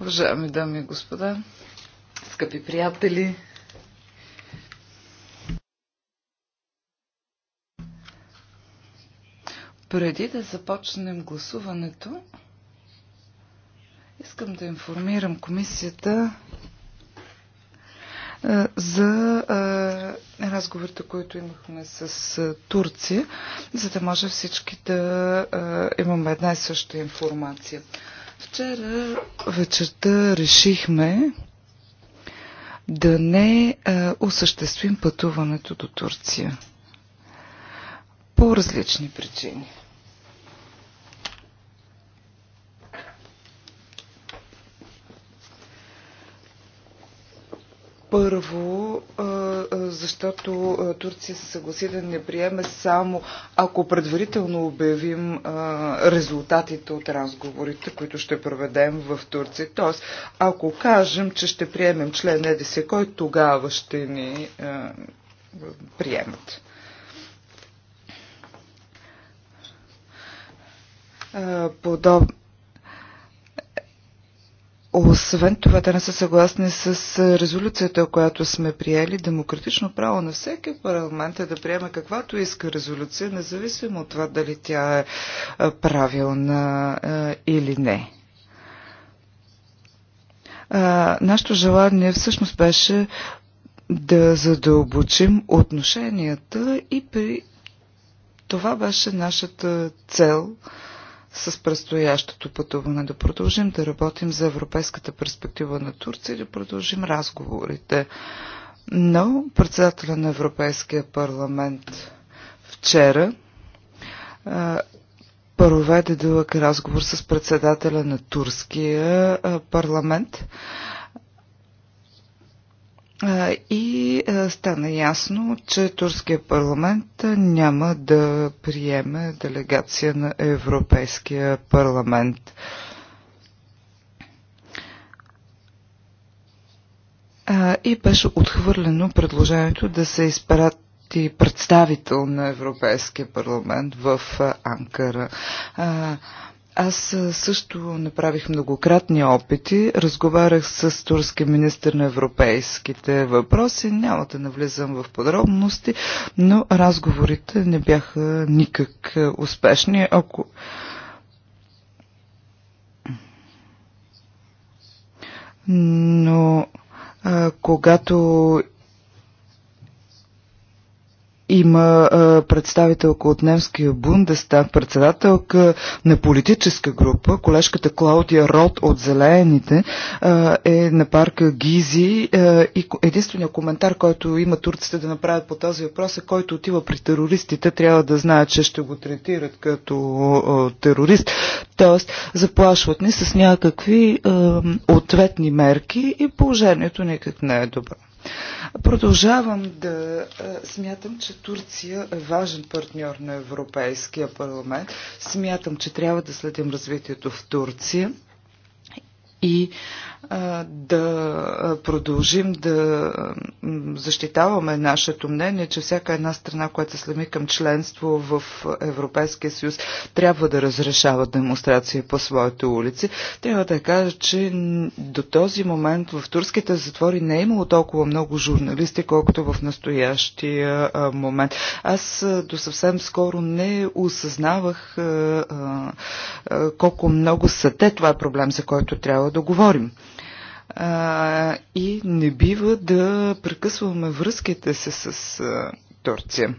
Уважаеми дами и господа, скъпи приятели, преди да започнем гласуването, искам да информирам комисията, е, за е, разговорите, които имахме с е, Турция, за да може всички да имаме една и съща информация. Вчера вечерта решихме да не осъществим пътуването до Турция. По различни причини. Първо, защото Турция се съгласи да не приеме само ако предварително обявим резултатите от разговорите, които ще проведем в Турция. Тоест, ако кажем, че ще приемем член ЕДС, кой тогава ще ни приемат? Подобно. Освен това, те не са съгласни с резолюцията, която сме приели. Демократично право на всеки парламент е да приема каквато иска резолюция, независимо от това дали тя е правилна или не. Нашето желание всъщност беше да задълбочим отношенията и при това беше нашата цел – с предстоящото пътуване, да продължим да работим за европейската перспектива на Турция и да продължим разговорите. Но председателя на Европейския парламент вчера проведе дълъг разговор с председателя на Турския парламент. И стана ясно, че турския парламент няма да приеме делегация на Европейския парламент. И беше отхвърлено предложението да се изпарат и представител на Европейския парламент в Анкара. Аз също направих многократни опити. Разговарях с турски министр на европейските въпроси. Няма да навлизам в подробности, но разговорите не бяха никак успешни. Ако... Но а, когато има а, представителка от немския Бундестаг, председателка на политическа група, колежката Клаудия Рот от Зелените а, е на парка Гизи а, и единственият коментар, който има турците да направят по този въпрос е, който отива при терористите, трябва да знаят, че ще го третират като а, терорист. Тоест, заплашват ни с някакви а, ответни мерки и положението никак не е добро. Продължавам да смятам, че Турция е важен партньор на Европейския парламент. Смятам, че трябва да следим развитието в Турция и да продължим да защитаваме нашето мнение, че всяка една страна, която се слеми към членство в Европейския съюз, трябва да разрешава демонстрации по своите улици. Трябва да кажа, че до този момент в турските затвори не е имало толкова много журналисти, колкото в настоящия момент. Аз до съвсем скоро не осъзнавах колко много са те. Това е проблем, за който трябва да говорим а, и не бива да прекъсваме връзките се с а, Турция.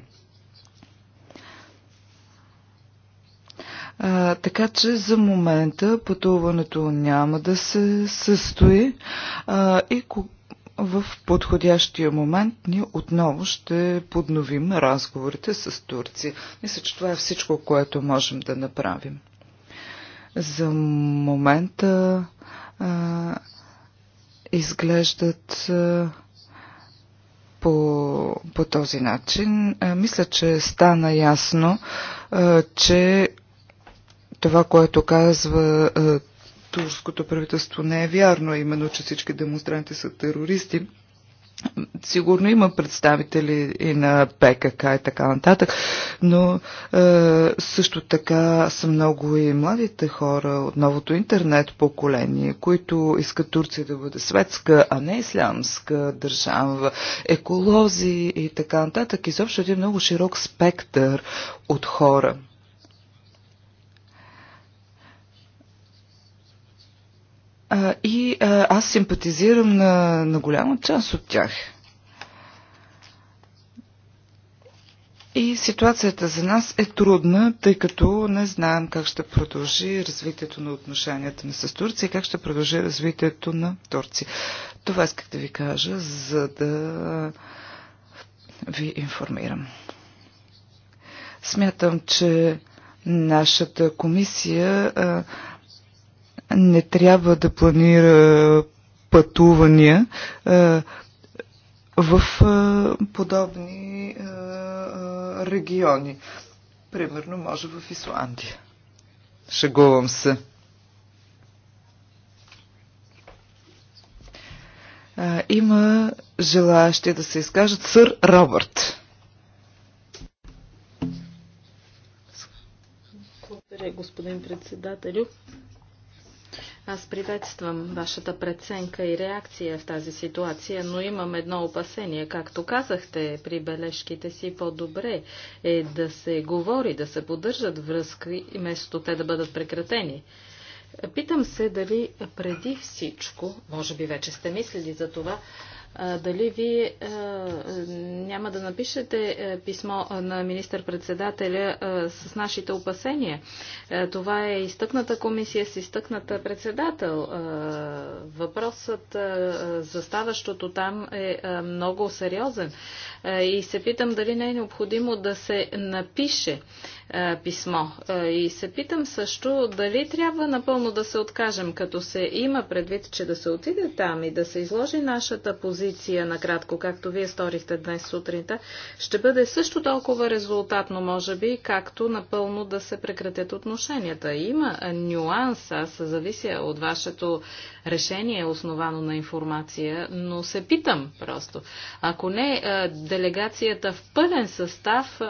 А, така че за момента пътуването няма да се състои а, и в подходящия момент ние отново ще подновим разговорите с Турция. Мисля, че това е всичко, което можем да направим. За момента а, изглеждат по, по този начин. Мисля, че стана ясно, че това, което казва турското правителство не е вярно, именно, че всички демонстранти са терористи. Сигурно има представители и на ПКК и така нататък, но е, също така са много и младите хора от новото интернет поколение, които искат Турция да бъде светска, а не ислямска държава, еколози и така нататък. Изобщо един много широк спектър от хора. А, и а, аз симпатизирам на, на голяма част от тях. И ситуацията за нас е трудна, тъй като не знаем как ще продължи развитието на отношенията ни с Турция и как ще продължи развитието на Турция. Това исках да ви кажа, за да ви информирам. Смятам, че нашата комисия а, не трябва да планира пътувания в подобни региони. Примерно, може в Исландия. Шегувам се. има желаящи да се изкажат сър Робърт. Благодаря, господин председателю. Аз приветствам вашата преценка и реакция в тази ситуация, но имам едно опасение. Както казахте при бележките си, по-добре е да се говори, да се поддържат връзки, вместо те да бъдат прекратени. Питам се дали преди всичко, може би вече сте мислили за това, дали ви няма да напишете е, писмо на министър-председателя с нашите опасения. Това е изтъкната комисия с изтъкната председател. Въпросът за ставащото там е много сериозен и се питам дали не е необходимо да се напише е, писмо. Е, и се питам също дали трябва напълно да се откажем, като се има предвид, че да се отиде там и да се изложи нашата позиция накратко, както вие сторихте днес сутринта, ще бъде също толкова резултатно, може би, както напълно да се прекратят отношенията. Има нюанс, аз завися от вашето решение, основано на информация, но се питам просто. Ако не, е, делегацията в пълен състав,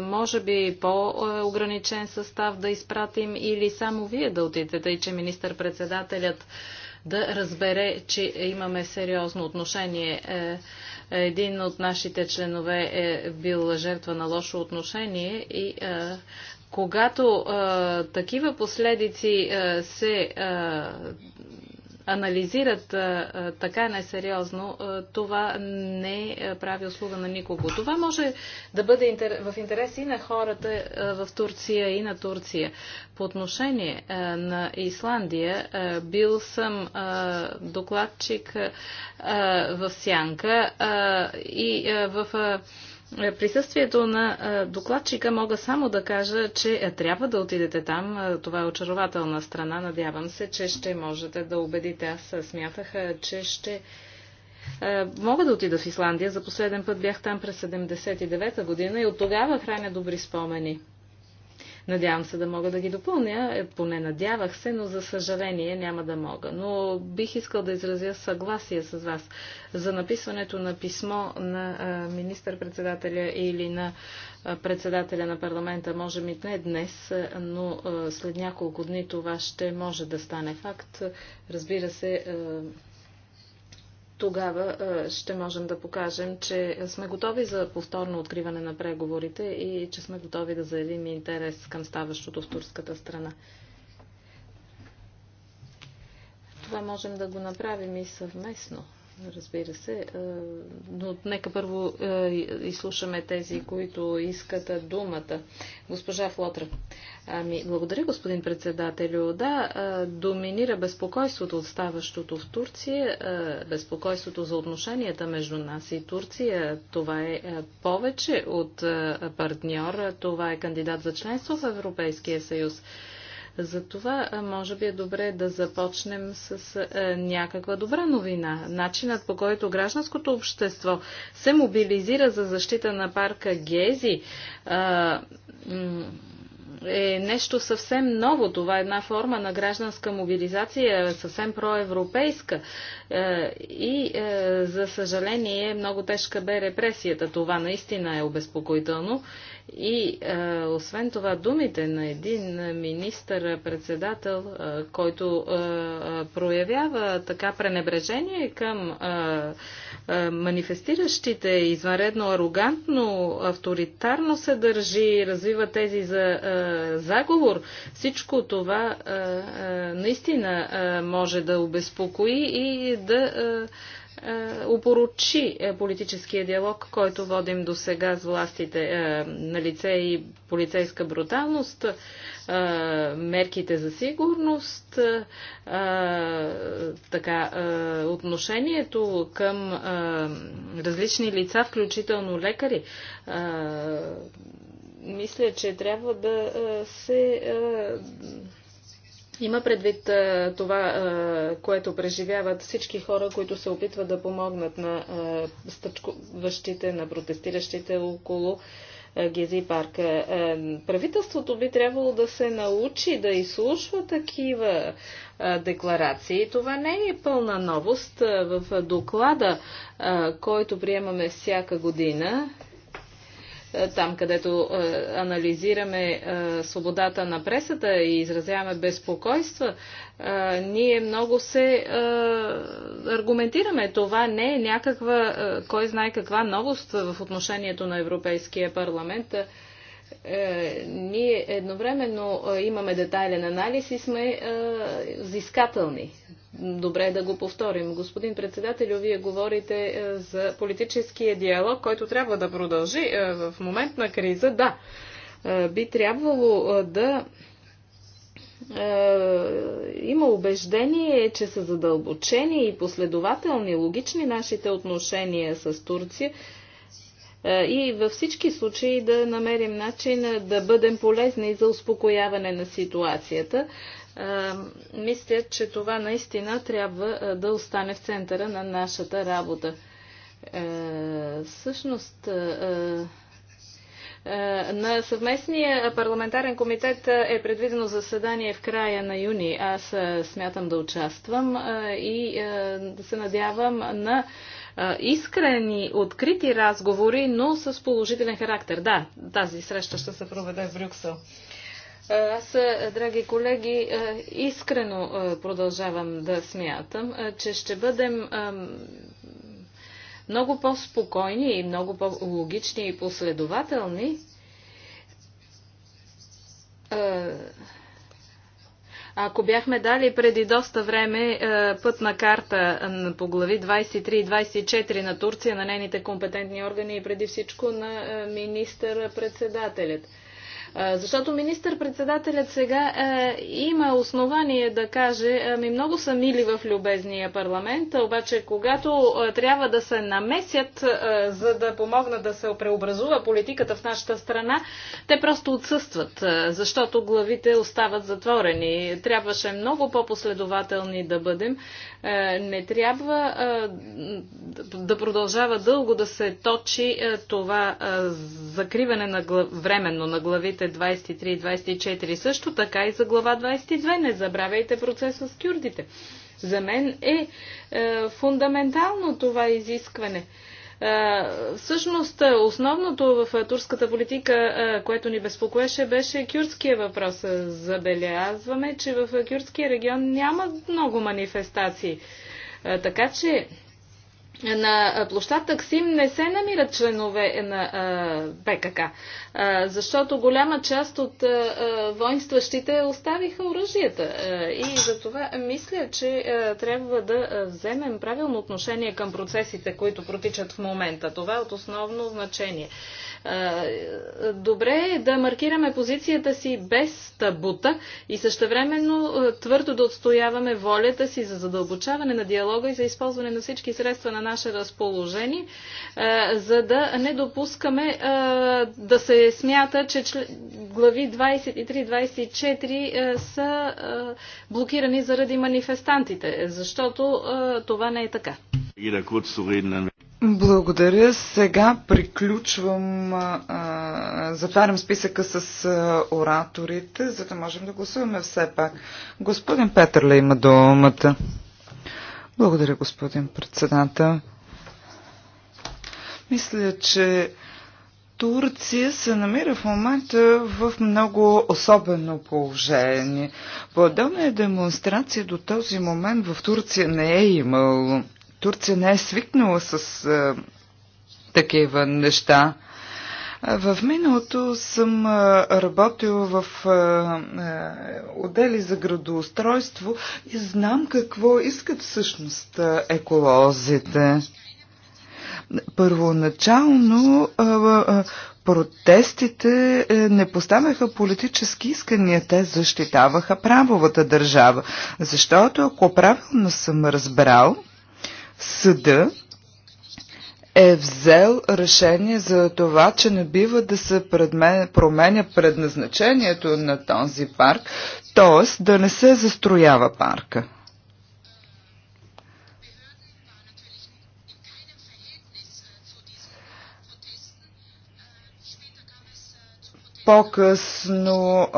може би по е ограничен състав да изпратим или само вие да отидете, тъй че министър-председателят да разбере, че имаме сериозно отношение. Е, един от нашите членове е бил жертва на лошо отношение и е, когато такива последици се анализират а, така несериозно, а, това не прави услуга на никого. Това може да бъде интер... в интерес и на хората а, в Турция и на Турция. По отношение а, на Исландия, а, бил съм а, докладчик а, в Сянка а, и а, в. А, е, присъствието на е, докладчика мога само да кажа, че е, трябва да отидете там. Това е очарователна страна. Надявам се, че ще можете да убедите. Аз смятах, че ще Мога да отида в Исландия. За последен път бях там през 79-та година и от тогава храня добри спомени. Надявам се да мога да ги допълня, е, поне надявах се, но за съжаление няма да мога. Но бих искал да изразя съгласие с вас за написването на писмо на министър-председателя или на председателя на парламента, може би не днес, но след няколко дни това ще може да стане факт. Разбира се, тогава ще можем да покажем, че сме готови за повторно откриване на преговорите и че сме готови да заявим интерес към ставащото в турската страна. Това можем да го направим и съвместно Разбира се. Е, но нека първо е, изслушаме тези, които искат думата. Госпожа Флотра. Ами, благодаря, господин председателю. Да, е, доминира безпокойството от ставащото в Турция, безпокойството за отношенията между нас и Турция. Това е повече от партньор, това е кандидат за членство в Европейския съюз. Затова може би е добре да започнем с някаква добра новина. Начинът по който гражданското общество се мобилизира за защита на парка Гези е нещо съвсем ново. Това е една форма на гражданска мобилизация, съвсем проевропейска. И, за съжаление, много тежка бе репресията. Това наистина е обезпокоително. И а, е, освен това, думите на един министър-председател, а, е, който а, е, проявява така пренебрежение към а, а, манифестиращите, извънредно арогантно, авторитарно се държи, развива тези за а, заговор, всичко това а, а, наистина а, може да обезпокои и да. А, Опоручи е, е, политическия диалог, който водим до сега с властите е, на лице и полицейска бруталност, мерките за сигурност, така, отношението към различни лица, включително лекари. Мисля, че трябва да се има предвид това, което преживяват всички хора, които се опитват да помогнат на стъчковащите на протестиращите около Гези парк. Правителството би трябвало да се научи да изслушва такива декларации. Това не е пълна новост. В доклада, който приемаме всяка година, е, там където е, анализираме е, свободата на пресата и изразяваме безпокойства, ние много се аргументираме. Това не е някаква, кой знае каква новост в отношението на Европейския парламент ние едновременно имаме детайлен анализ и сме взискателни добре е да го повторим. Господин председател, вие говорите е, за политическия диалог, който трябва да продължи е, в момент на криза. Да, би трябвало да има убеждение, че са задълбочени и последователни, логични нашите отношения с Турция и във всички случаи да намерим начин да бъдем полезни за успокояване на ситуацията, е, мисля, че това наистина трябва е, да остане в центъра на нашата работа. Е, всъщност, на съвместния парламентарен комитет е предвидено заседание в края на юни. Аз смятам да участвам и да се надявам на искрени, открити разговори, но с положителен характер. Да, тази среща ще се проведе в Брюксел. Аз, е, драги колеги, е, искрено е, продължавам да смятам, че ще бъдем много по-спокойни и много по-логични и последователни, ако бяхме дали преди доста време пътна карта по глави 23 и 24 на Турция, на нейните компетентни органи и преди всичко на министър-председателят. Защото министър-председателят сега е, има основание да каже, ми много са мили в любезния парламент, обаче когато е, трябва да се намесят, е, за да помогнат да се преобразува политиката в нашата страна, те просто отсъстват, е, защото главите остават затворени. Трябваше много по-последователни да бъдем. Е, не трябва е, да продължава дълго да се точи е, това е, закриване на глав... временно на главите главите 23 и 24, също така и за глава 22. Не забравяйте процеса с кюрдите. За мен е, е фундаментално това изискване. Е, всъщност, е, основното в е, турската политика, което ни безпокоеше, беше кюрдския въпрос. Забелязваме, че в кюрдския регион няма много манифестации. Така че на площад Таксим не се намират членове на ПКК, защото голяма част от воинстващите оставиха оръжията. И за това мисля, че трябва да вземем правилно отношение към процесите, които протичат в момента. Това е от основно значение. Добре е да маркираме позицията си без табута и същевременно твърдо да отстояваме волята си за задълбочаване на диалога и за използване на всички средства на наше разположение, за да не допускаме да се смята, че глави 23-24 са блокирани заради манифестантите, защото това не е така. Благодаря. Сега приключвам, а, затварям списъка с а, ораторите, за да можем да гласуваме все пак. Господин Петърле има думата. Благодаря, господин председател. Мисля, че Турция се намира в момента в много особено положение. Подобна е демонстрация до този момент в Турция не е имало. Турция не е свикнала с а, такива неща. В миналото съм работил в отдели за градоустройство и знам какво искат всъщност еколозите. Първоначално протестите е, не поставяха политически искания, те защитаваха правовата държава. Защото, ако правилно съм разбрал, съда е взел решение за това, че не бива да се променя предназначението на този парк, т.е. да не се застроява парка. По-късно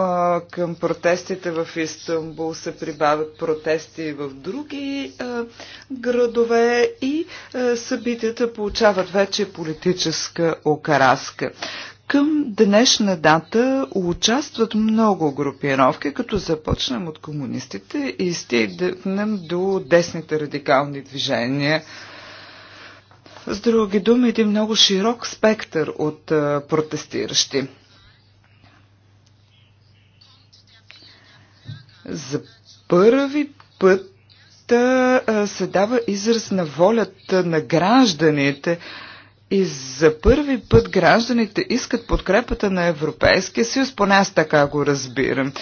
към протестите в Истанбул се прибавят протести в други а, градове и а, събитията получават вече политическа окараска. Към днешна дата участват много групировки, като започнем от комунистите и стигнем до десните радикални движения. С други думи, един много широк спектър от протестиращи. За първи път се дава израз на волята на гражданите. И за първи път гражданите искат подкрепата на Европейския съюз, поне аз така го разбирам.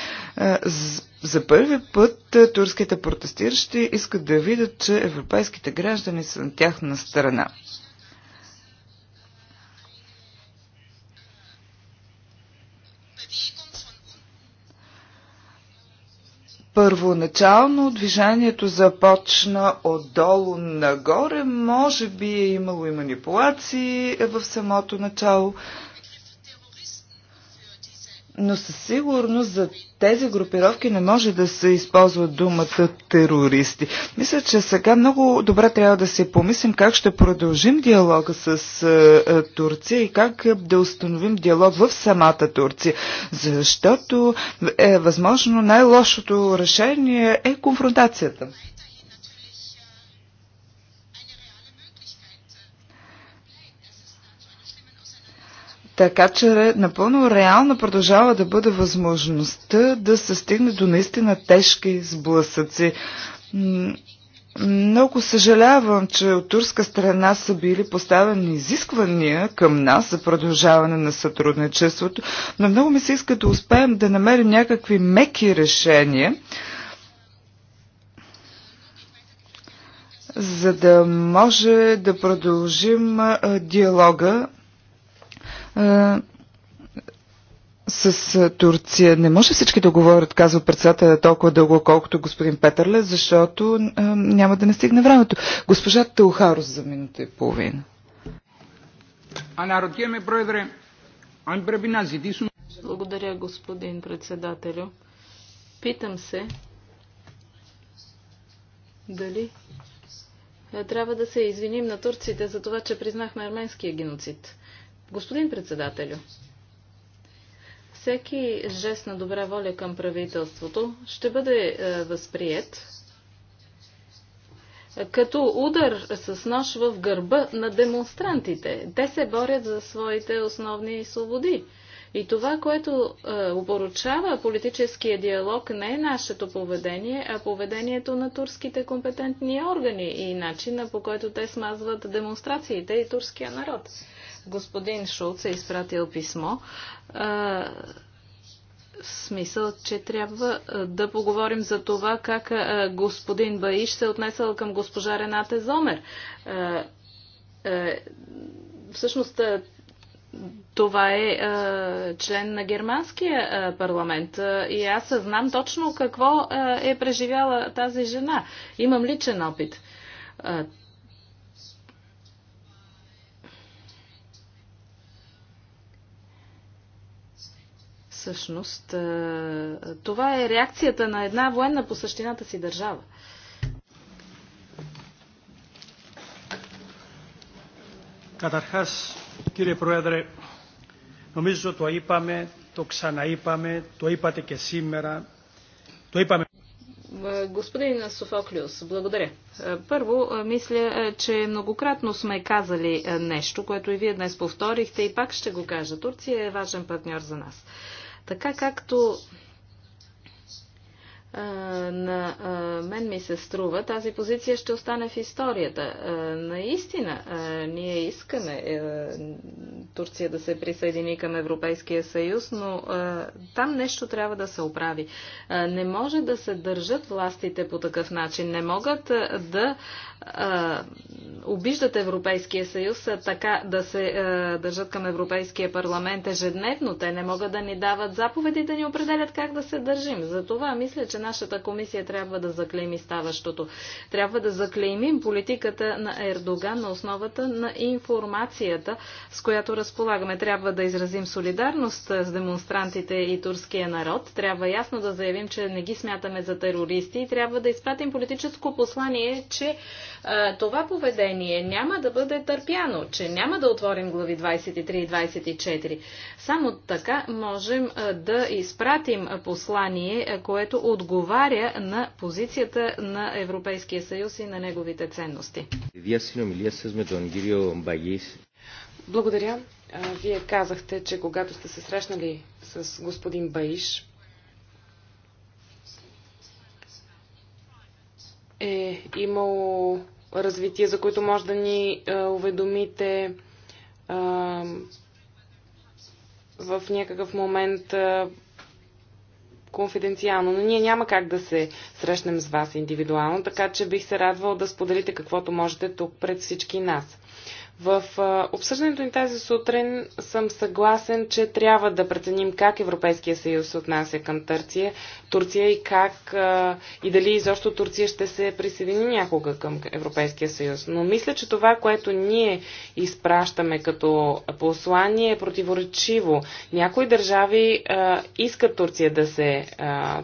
За първи път турските протестиращи искат да видят, че европейските граждани са на тяхна страна. Първоначално движението започна отдолу нагоре, може би е имало и манипулации в самото начало, но със сигурност за тези групировки не може да се използва думата терористи. Мисля, че сега много добре трябва да си помислим как ще продължим диалога с е, е, Турция и как да установим диалог в самата Турция. Защото е възможно най-лошото решение е конфронтацията. Така че напълно реално продължава да бъде възможността да се стигне до наистина тежки сблъсъци. Много съжалявам, че от турска страна са били поставени изисквания към нас за продължаване на сътрудничеството, но много ми се иска да успеем да намерим някакви меки решения, за да може да продължим диалога с Турция. Не може всички да говорят, казва председателя, толкова дълго, колкото господин Петърле, защото а, няма да не стигне времето. Госпожа Телхарос за минута и половина. Благодаря, господин председателю. Питам се дали е, трябва да се извиним на турците за това, че признахме арменския геноцид. Господин председателю, всеки жест на добра воля към правителството ще бъде е, възприят като удар с нож в гърба на демонстрантите. Те се борят за своите основни свободи. И това, което е, оборучава политическия диалог, не е нашето поведение, а поведението на турските компетентни органи и начина по който те смазват демонстрациите и турския народ. Господин Шулц е изпратил писмо в смисъл, че трябва да поговорим за това как господин Баиш се е отнесъл към госпожа Рената Зомер. Всъщност, това е член на германския парламент и аз знам точно какво е преживяла тази жена. Имам личен опит. Всъщност, това е реакцията на една военна по същината си държава. Καταρχάς, κύριε Πρόεδρε, νομίζω το είπαμε, το ξαναείπαμε, το είπατε και σήμερα, το είπαμε Господин Софоклиус, благодаря. Е, първо, е, мисля, е, че многократно сме казали нещо, което и вие днес повторихте и пак ще го кажа. Турция е важен партньор за нас. Така както на мен ми се струва, тази позиция ще остане в историята. Наистина, ние искаме е, Турция да се присъедини към Европейския съюз, но там нещо трябва да се оправи. Не може да се държат властите по такъв начин. Не могат да обиждат Европейския съюз така да се държат към Европейския парламент ежедневно. Те не могат да ни дават заповеди да ни определят как да се държим. Затова мисля, че нашата комисия трябва да заклейми ставащото. Трябва да заклеймим политиката на Ердоган на основата на информацията, с която разполагаме. Трябва да изразим солидарност с демонстрантите и турския народ. Трябва ясно да заявим, че не ги смятаме за терористи и трябва да изпратим политическо послание, че а, това поведение няма да бъде търпяно, че няма да отворим глави 23 и 24. Само така можем а, да изпратим послание, което отговаря отговаря на позицията на Европейския съюз и на неговите ценности. Благодаря. Вие казахте, че когато сте се срещнали с господин Баиш, е имало развитие, за което може да ни е, уведомите е, в някакъв момент е, конфиденциално, но ние няма как да се срещнем с вас индивидуално, така че бих се радвал да споделите каквото можете тук пред всички нас. В обсъждането ни тази сутрин съм съгласен, че трябва да преценим как Европейския съюз се отнася към Турция, Турция и как и дали изобщо Турция ще се присъедини някога към Европейския съюз. Но мисля, че това, което ние изпращаме като послание е противоречиво. Някои държави искат Турция да се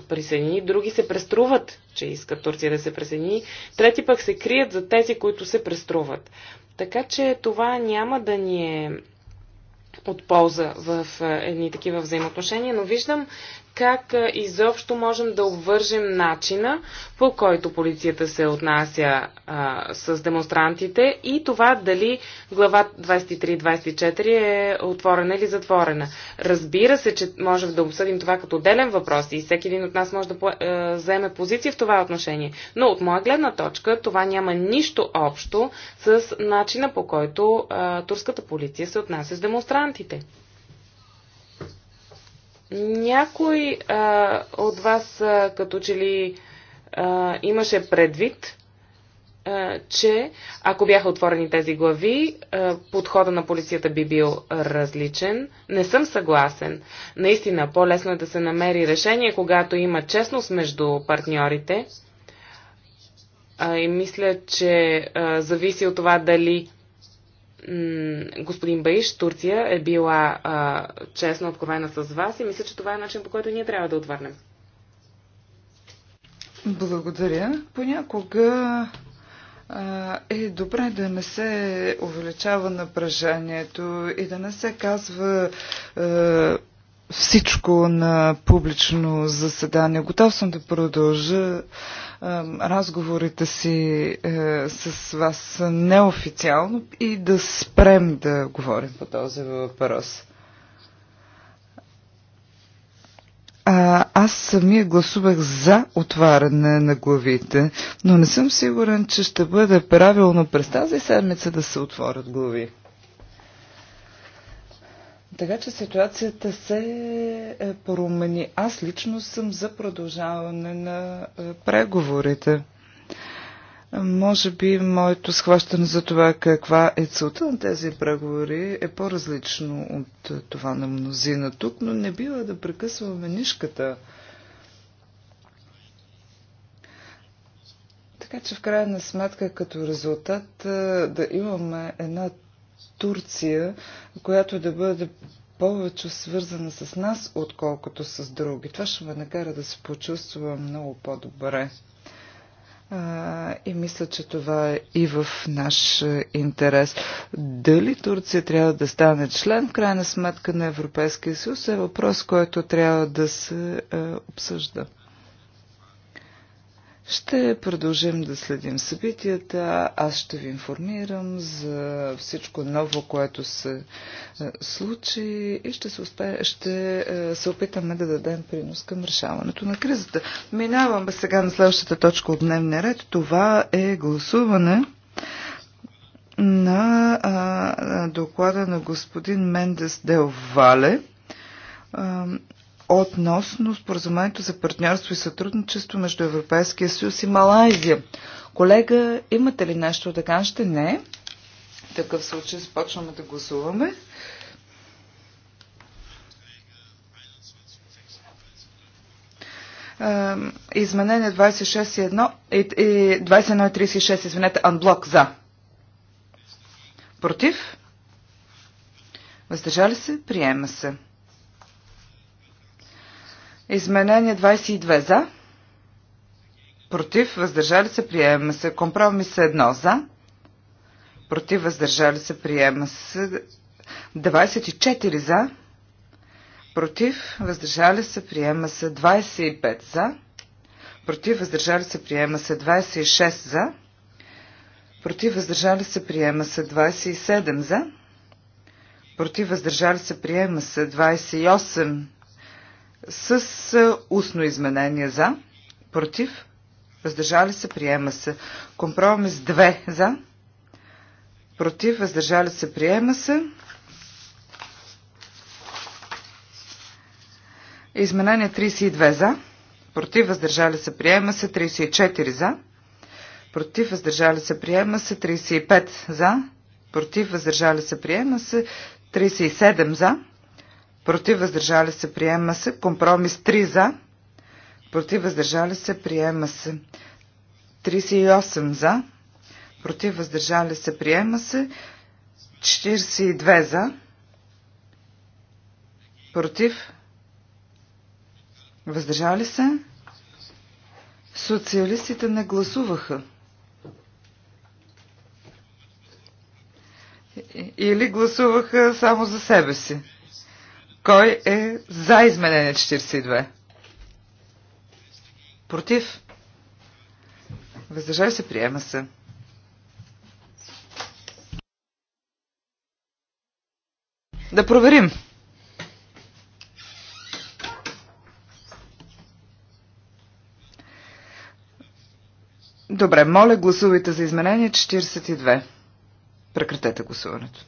присъедини, други се преструват, че искат Турция да се присъедини, трети пък се крият за тези, които се преструват. Така че това няма да ни е от полза в е, едни такива взаимоотношения, но виждам, как изобщо можем да обвържем начина, по който полицията се отнася а, с демонстрантите и това дали глава 23-24 е отворена или затворена. Разбира се, че можем да обсъдим това като отделен въпрос и всеки един от нас може да вземе заеме позиция в това отношение. Но от моя гледна точка това няма нищо общо с начина по който а, турската полиция се отнася с демонстрантите. Някой а, от вас а, като че ли а, имаше предвид, а, че ако бяха отворени тези глави, а, подхода на полицията би бил различен. Не съм съгласен. Наистина, по-лесно е да се намери решение, когато има честност между партньорите. А, и мисля, че а, зависи от това дали господин Баиш, Турция е била а, честно откровена с вас и мисля, че това е начин по който ние трябва да отвърнем. Благодаря. Понякога а, е добре да не се увеличава напрежението и да не се казва а, всичко на публично заседание. Готов съм да продължа разговорите си е, с вас неофициално и да спрем да говорим по този въпрос. А, аз самия гласувах за отваряне на главите, но не съм сигурен, че ще бъде правилно през тази седмица да се отворят глави. Така че ситуацията се е, промени. Аз лично съм за продължаване на е, преговорите. Може би моето схващане за това каква е целта на тези преговори е по-различно от е, това на мнозина тук, но не бива да прекъсваме нишката. Така че в крайна сметка като резултат да имаме една Турция, която да бъде повече свързана с нас, отколкото с други. Това ще ме накара да се почувствам много по-добре. И мисля, че това е и в наш интерес. Дали Турция трябва да стане член, в крайна сметка, на Европейския съюз е въпрос, който трябва да се обсъжда. Ще продължим да следим събитията. Аз ще ви информирам за всичко ново, което се е, случи и ще се, успе... ще е, се опитаме да дадем принос към решаването на кризата. Минаваме сега на следващата точка от дневния ред. Това е гласуване на, а, на доклада на господин Мендес Дел Вале относно споразумението за партньорство и сътрудничество между Европейския съюз и Малайзия. Колега, имате ли нещо да кажете? Не. В такъв случай започваме да гласуваме. Изменение 26.1, и 1, извинете, анблок за. Против? Въздържали се? Приема се. Изменение 22 за. Против, въздържали се, приема се. Компромис 1 за. Против, въздържали се, приема се. 24 за. Против, въздържали се, приема се. 25 за. Против, въздържали се, приема се. 26 за. Против, въздържали се, приема се. 27 за. Против, въздържали се, приема се. 28 с устно изменение за, против, въздържали се, приема се. Компромис 2 за, против, въздържали се, приема се. Изменение 32 за, против, въздържали се, приема се, 34 за, против, въздържали се, приема се, 35 за, против, въздържали се, приема се, 37 за, против въздържали се, приема се. Компромис 3 за, против въздържали се, приема се. 38 за, против въздържали се, приема се. 42 за, против въздържали се. Социалистите не гласуваха. Или гласуваха само за себе си. Кой е за изменение 42? Против? Въздържай се, приема се. Да проверим. Добре, моля гласувайте за изменение 42. Прекратете гласуването.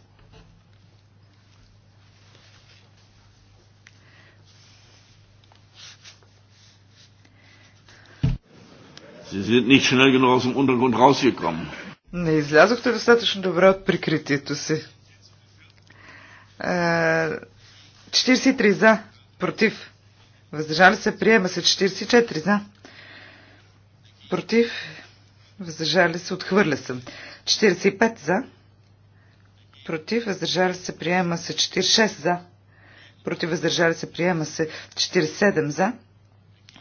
Sie sind nicht schnell genug aus dem Untergrund rausgekommen. Не излязохте достатъчно добре от прикритието си. 43 е, за, против. Въздържали се, приема се 44 за. Против, въздържали се, отхвърля се. 45 за. Против, въздържали се, приема се 46 за. Против, въздържали се, приема се 47 за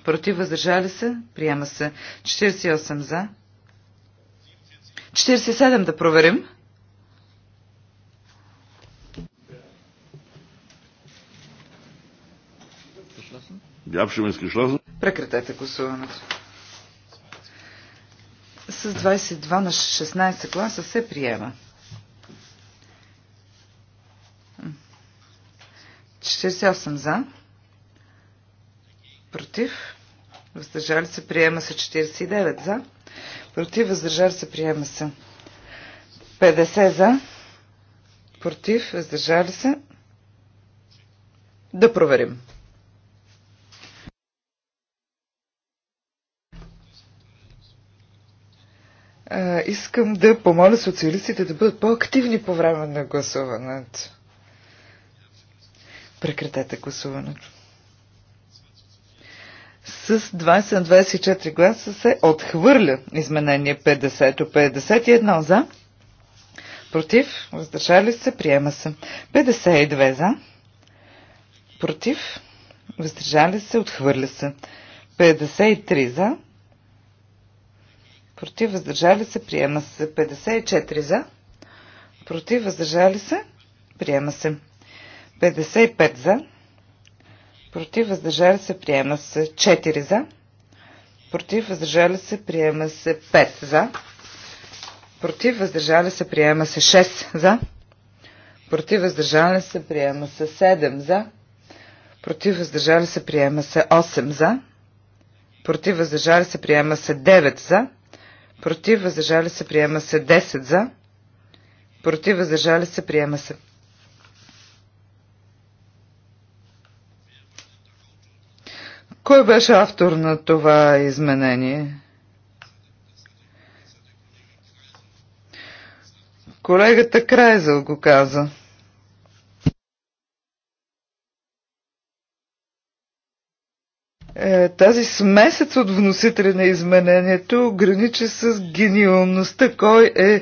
против, въздържали се, приема се. 48 за. 47 да проверим. Прекратете гласуването. С 22 на 16 гласа се приема. 48 за. Против. Въздържали се. Приема се 49 за. Против. Въздържали се. Приема се. 50 за. Против. Въздържали се. Да проверим. искам да помоля социалистите да бъдат по-активни по време на гласуването. Прекратете гласуването с 20 24 гласа се отхвърля изменение 50. 51 за, против, въздържали се, приема се. 52 за, против, въздържали се, отхвърля се. 53 за, против, въздържали се, приема се. 54 за, против, въздържали се, приема се. 55 за, Против, въздържали се, приема се 4 за. Против, въздържали се, приема се 5 за. Против, въздържали се, приема се 6 за. Против, въздържали се, приема се 7 за. Против, въздържали се, приема се 8 за. Против, въздържали се, приема се 9 за. Против, въздържали се, приема се 10 за. Против, въздържали се, приема се Кой беше автор на това изменение? Колегата Крайзел го каза. Е, тази смесец от вносители на изменението граничи с гениалността. Кой е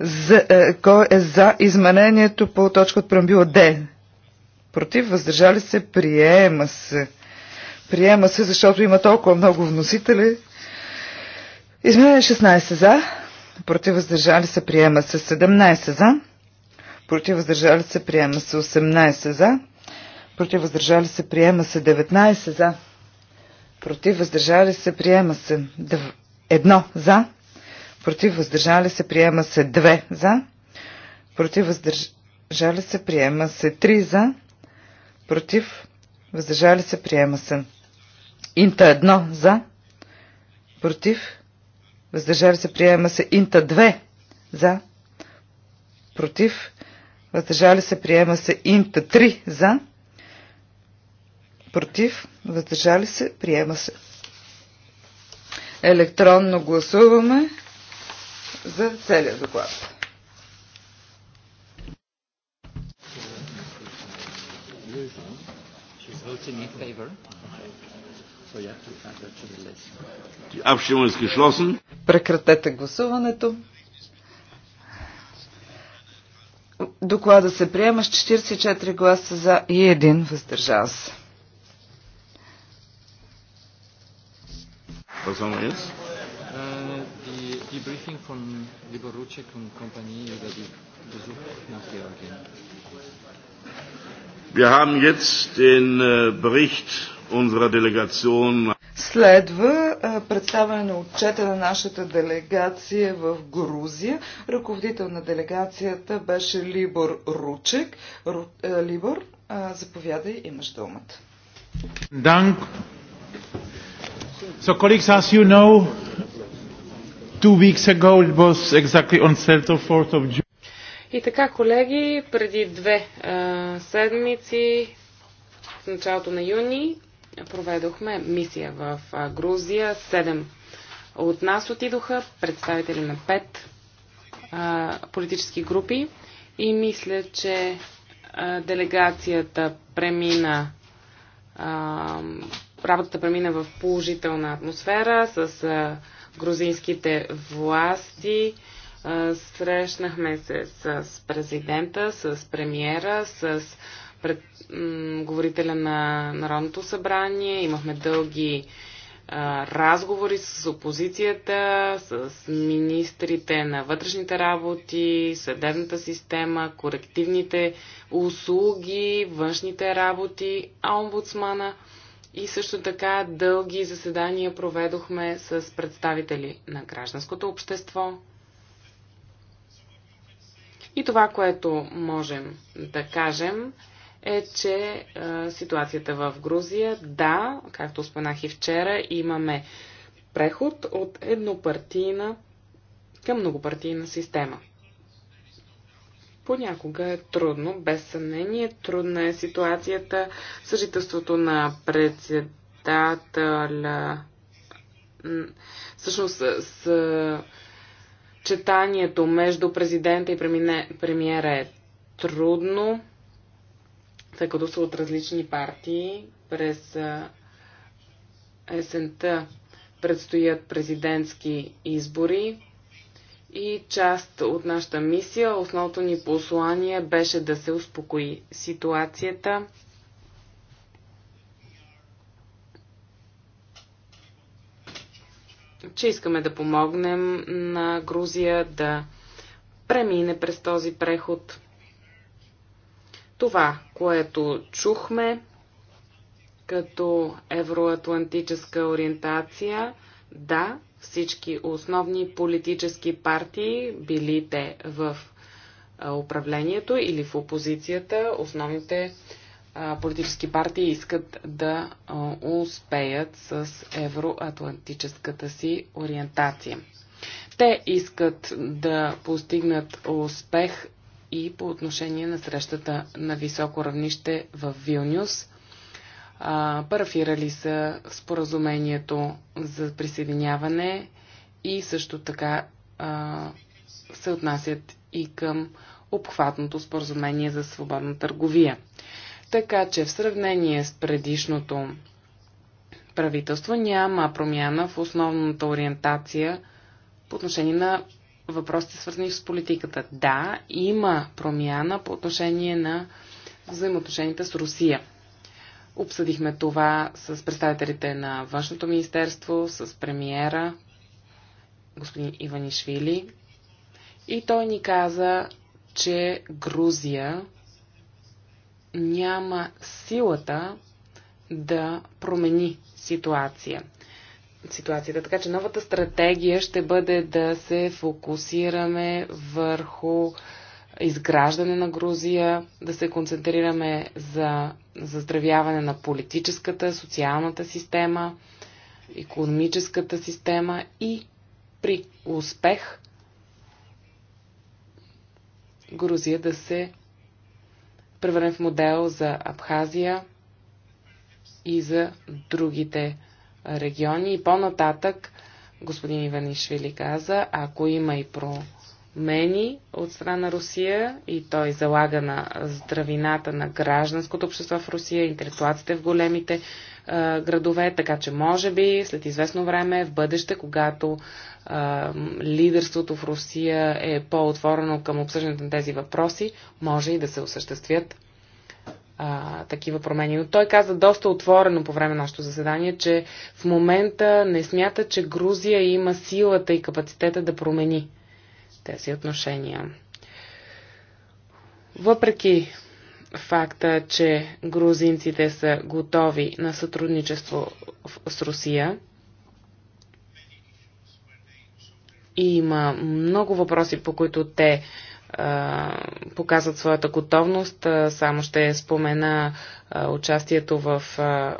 за, е, кой е за изменението по точка от прамбила Д? Против, въздържали се, приема се. Приема се, защото има толкова много вносители. Изменение 16 за. Против въздържали се приема се 17 за. Против въздържали се приема се 18 за. Против въздържали се приема се 19 за. Против въздържали се приема се 1 за. Против въздържали се приема се 2 за. Против въздържали се приема се 3 за. Против въздържали се приема се Инта 1 за, против, въздържали се, приема се. Инта 2 за, против, въздържали се, приема се. Инта 3 за, против, въздържали се, приема се. Електронно гласуваме за целия доклад. voting in favor. Прекратете гласуването. Доклада се приема с 44 гласа за и един въздържал се. Er eh, Wir haben jetzt den eh, Bericht Следва представяне на отчета на нашата делегация в Грузия. Ръководител на делегацията беше Либор Ручек. Ру, Либор, заповядай, имаш думата. Данк. So colleagues, as you know, two weeks ago it was exactly on 3 4th of June. И така, колеги, преди две а, седмици, в началото на юни, проведохме мисия в Грузия. Седем от нас отидоха, представители на пет политически групи и мисля, че делегацията премина работата премина в положителна атмосфера с грузинските власти. срещнахме се с президента, с премиера, с пред, говорителя на Народното събрание, имахме дълги а, разговори с опозицията, с министрите на вътрешните работи, съдебната система, корективните услуги, външните работи, омбудсмана и също така дълги заседания проведохме с представители на гражданското общество, и това, което можем да кажем, е, че а, ситуацията в Грузия, да, както споменах и вчера, имаме преход от еднопартийна към многопартийна система. Понякога е трудно, без съмнение, трудна е ситуацията. Съжителството на председателя, всъщност с, с четанието между президента и премиера е трудно тъй като са от различни партии. През есента предстоят президентски избори и част от нашата мисия, основното ни послание беше да се успокои ситуацията. че искаме да помогнем на Грузия да премине през този преход. Това, което чухме като евроатлантическа ориентация, да, всички основни политически партии, били те в управлението или в опозицията, основните политически партии искат да успеят с евроатлантическата си ориентация. Те искат да постигнат успех и по отношение на срещата на високо равнище в Вилнюс. Парафирали са споразумението за присъединяване и също така а, се отнасят и към обхватното споразумение за свободна търговия. Така че в сравнение с предишното правителство няма промяна в основната ориентация по отношение на въпросите свързани с политиката. Да, има промяна по отношение на взаимоотношенията с Русия. Обсъдихме това с представителите на Външното министерство, с премиера, господин Иванишвили. И той ни каза, че Грузия няма силата да промени ситуация ситуацията. Така че новата стратегия ще бъде да се фокусираме върху изграждане на Грузия, да се концентрираме за заздравяване на политическата, социалната система, економическата система и при успех Грузия да се превърне в модел за Абхазия и за другите региони. И по-нататък, господин Иванишвили каза, ако има и промени от страна на Русия и той залага на здравината на гражданското общество в Русия, интелектуалците в големите е, градове, така че може би след известно време в бъдеще, когато е, лидерството в Русия е по-отворено към обсъждането на тези въпроси, може и да се осъществят а, такива промени. Но той каза доста отворено по време на нашето заседание, че в момента не смята, че Грузия има силата и капацитета да промени тези отношения. Въпреки факта, че грузинците са готови на сътрудничество с Русия, и има много въпроси, по които те показват своята готовност. Само ще спомена участието в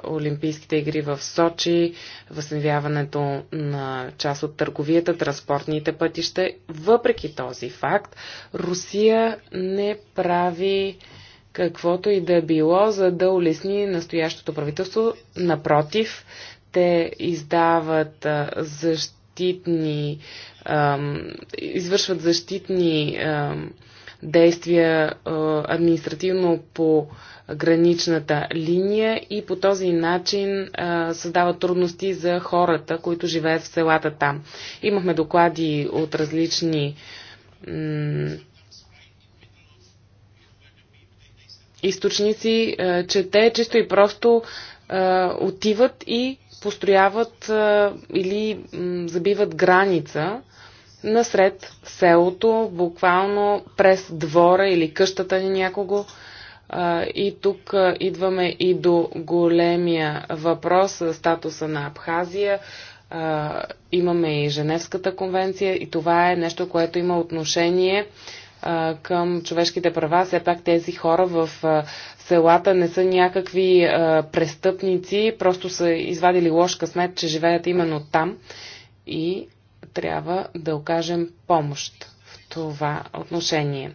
Олимпийските игри в Сочи, възстановяването на част от търговията, транспортните пътища. Въпреки този факт, Русия не прави каквото и да било, за да улесни настоящото правителство. Напротив, те издават защита защитни, извършват защитни действия административно по граничната линия и по този начин създават трудности за хората, които живеят в селата там. Имахме доклади от различни източници, че те чисто и просто отиват и построяват а, или м, забиват граница насред селото, буквално през двора или къщата ни някого. А, и тук а, идваме и до големия въпрос статуса на Абхазия. А, имаме и Женевската конвенция и това е нещо, което има отношение към човешките права. Все пак тези хора в селата не са някакви а, престъпници, просто са извадили лош късмет, че живеят именно там и трябва да окажем помощ в това отношение.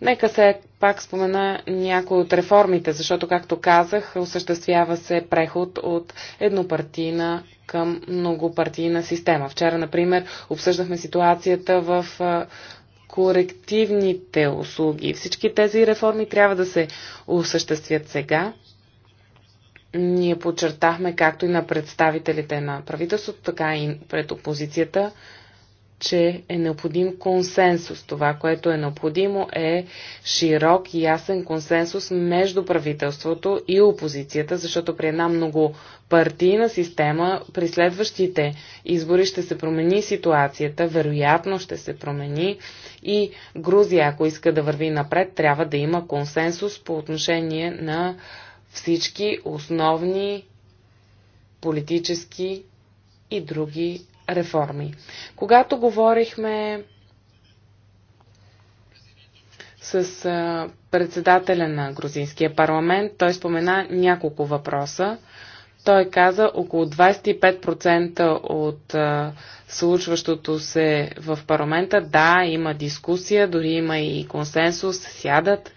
Нека се пак спомена някои от реформите, защото, както казах, осъществява се преход от еднопартийна към многопартийна система. Вчера, например, обсъждахме ситуацията в корективните услуги. Всички тези реформи трябва да се осъществят сега. Ние подчертахме, както и на представителите на правителството, така и пред опозицията, че е необходим консенсус. Това, което е необходимо е широк и ясен консенсус между правителството и опозицията, защото при една много партийна система при следващите избори ще се промени ситуацията, вероятно ще се промени и Грузия, ако иска да върви напред, трябва да има консенсус по отношение на всички основни политически и други реформи. Когато говорихме с председателя на грузинския парламент, той спомена няколко въпроса. Той каза, около 25% от случващото се в парламента, да, има дискусия, дори има и консенсус, сядат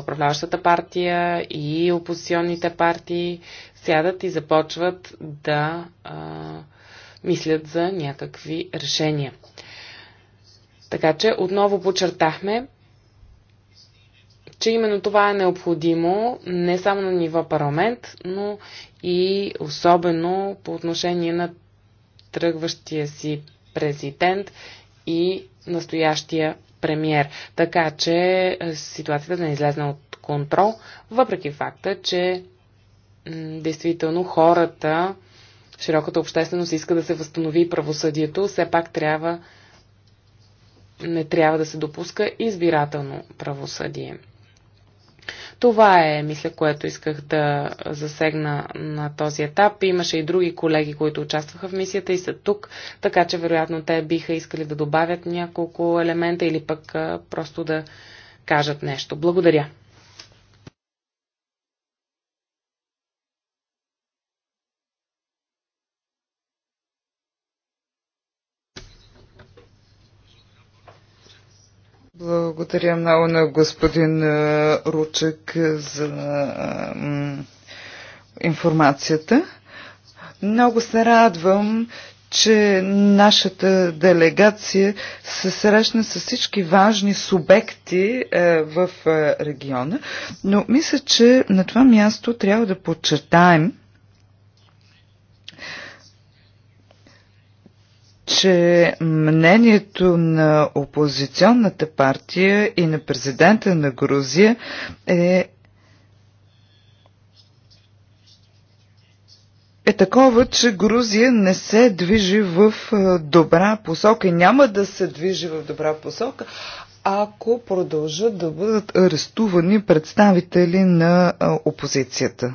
управляващата партия и опозиционните партии, сядат и започват да а, мислят за някакви решения. Така че отново подчертахме, че именно това е необходимо не само на ниво парламент, но и особено по отношение на тръгващия си президент и настоящия премьер. Така че ситуацията да не излезна от контрол, въпреки факта, че действително хората широката общественост иска да се възстанови правосъдието, все пак трябва не трябва да се допуска избирателно правосъдие. Това е, мисля, което исках да засегна на този етап. Имаше и други колеги, които участваха в мисията и са тук, така че вероятно те биха искали да добавят няколко елемента или пък просто да кажат нещо. Благодаря. Благодаря много на господин Ручек за информацията. Много се радвам, че нашата делегация се срещна с всички важни субекти е, в е, региона, но мисля, че на това място трябва да подчертаем, че мнението на опозиционната партия и на президента на Грузия е е такова, че Грузия не се движи в е, добра посока и няма да се движи в добра посока, ако продължат да бъдат арестувани представители на е, опозицията.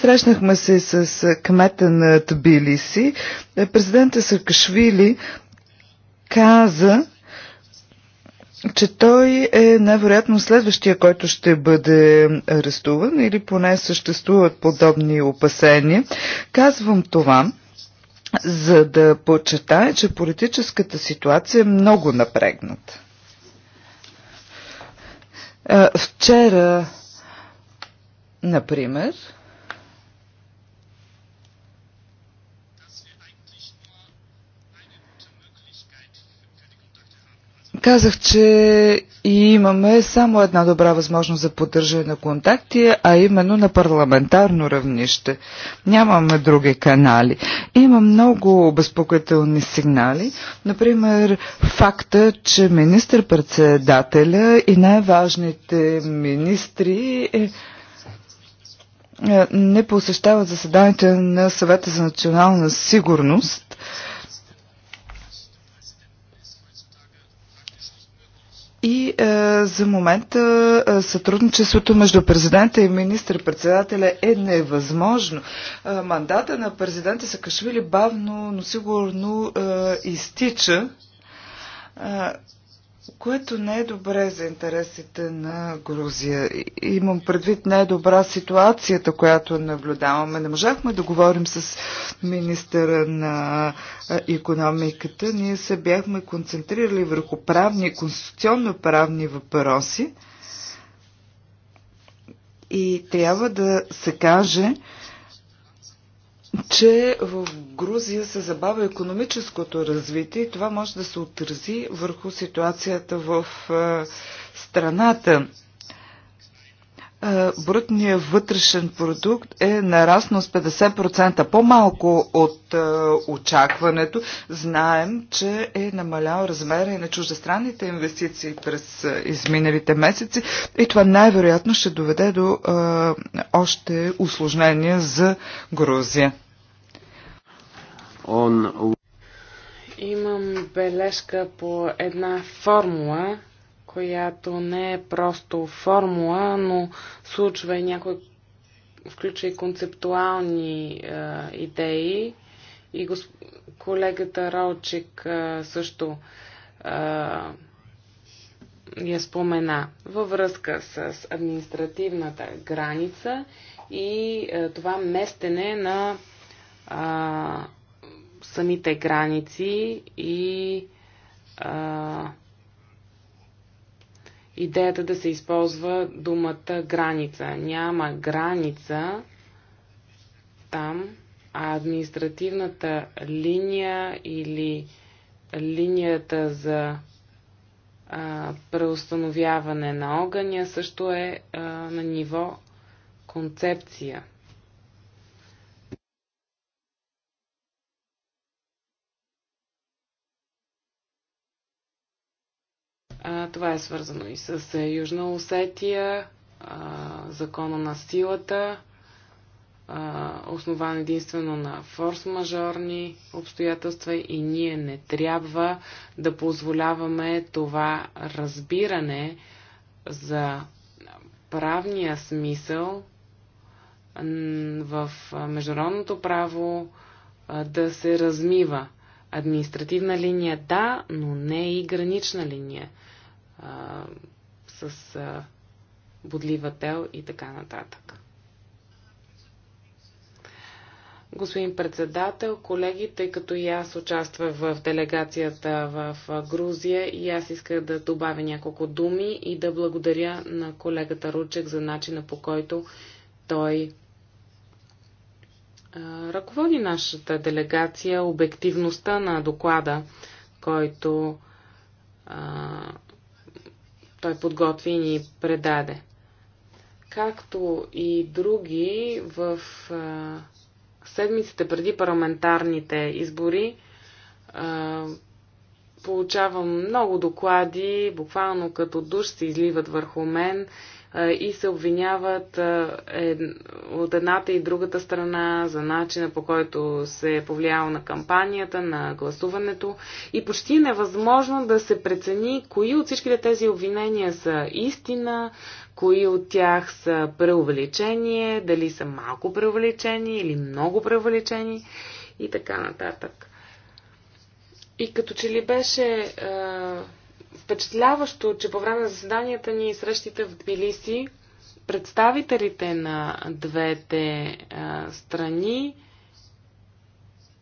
Срещнахме се с кмета на Тбилиси. Президента Съркашвили каза, че той е най-вероятно следващия, който ще бъде арестуван или поне съществуват подобни опасения. Казвам това, за да почетая, че политическата ситуация е много напрегната. Вчера, например, Казах, че имаме само една добра възможност за поддържане на контакти, а именно на парламентарно равнище. Нямаме други канали. Има много обезпокоителни сигнали. Например, факта, че министр-председателя и най-важните министри е, е не посещават заседанията на съвета за национална сигурност И е, за момента е, е, сътрудничеството между президента и министър председателя е невъзможно. Е, мандата на президента Сакашвили бавно, но сигурно е, изтича. Е, което не е добре за интересите на Грузия. Имам предвид най-добра е добра ситуацията, която наблюдаваме. Не можахме да говорим с министъра на економиката. Ние се бяхме концентрирали върху правни, конституционно-правни въпроси. И трябва да се каже, че в Грузия се забавя економическото развитие и това може да се отрази върху ситуацията в е, страната. Е, брутният вътрешен продукт е нараснал с 50%, по-малко от е, очакването. Знаем, че е намалял размера и на чуждестранните инвестиции през изминалите месеци и това най-вероятно ще доведе до още усложнения за Грузия on... Имам бележка по една формула, която не е просто формула, но случва и някой включва и концептуални е, идеи. И госп... колегата Ролчик е, също е, я спомена във връзка с административната граница и е, това местене на е, самите граници и а, идеята да се използва думата граница. Няма граница там, а административната линия или линията за а, преустановяване на огъня също е а, на ниво концепция. А, това е свързано и с е, Южна Осетия, а, закона на силата, а, основан единствено на форс-мажорни обстоятелства и ние не трябва да позволяваме това разбиране за правния смисъл в международното право да се размива. Административна линия да, но не и гранична линия а, с а, бодлива тел и така нататък. Господин председател, колеги, тъй като и аз участвах в делегацията в Грузия и аз исках да добавя няколко думи и да благодаря на колегата Ручек за начина по който той ръководи нашата делегация, обективността на доклада, който а, той подготви и ни предаде. Както и други, в а, седмиците преди парламентарните избори а, получавам много доклади, буквално като душ се изливат върху мен и се обвиняват от едната и другата страна за начина по който се е повлияло на кампанията, на гласуването и почти е невъзможно да се прецени кои от всичките тези обвинения са истина, кои от тях са преувеличение, дали са малко преувеличени или много преувеличени и така нататък. И като че ли беше впечатляващо, че по време на заседанията ни и срещите в Тбилиси, представителите на двете а, страни,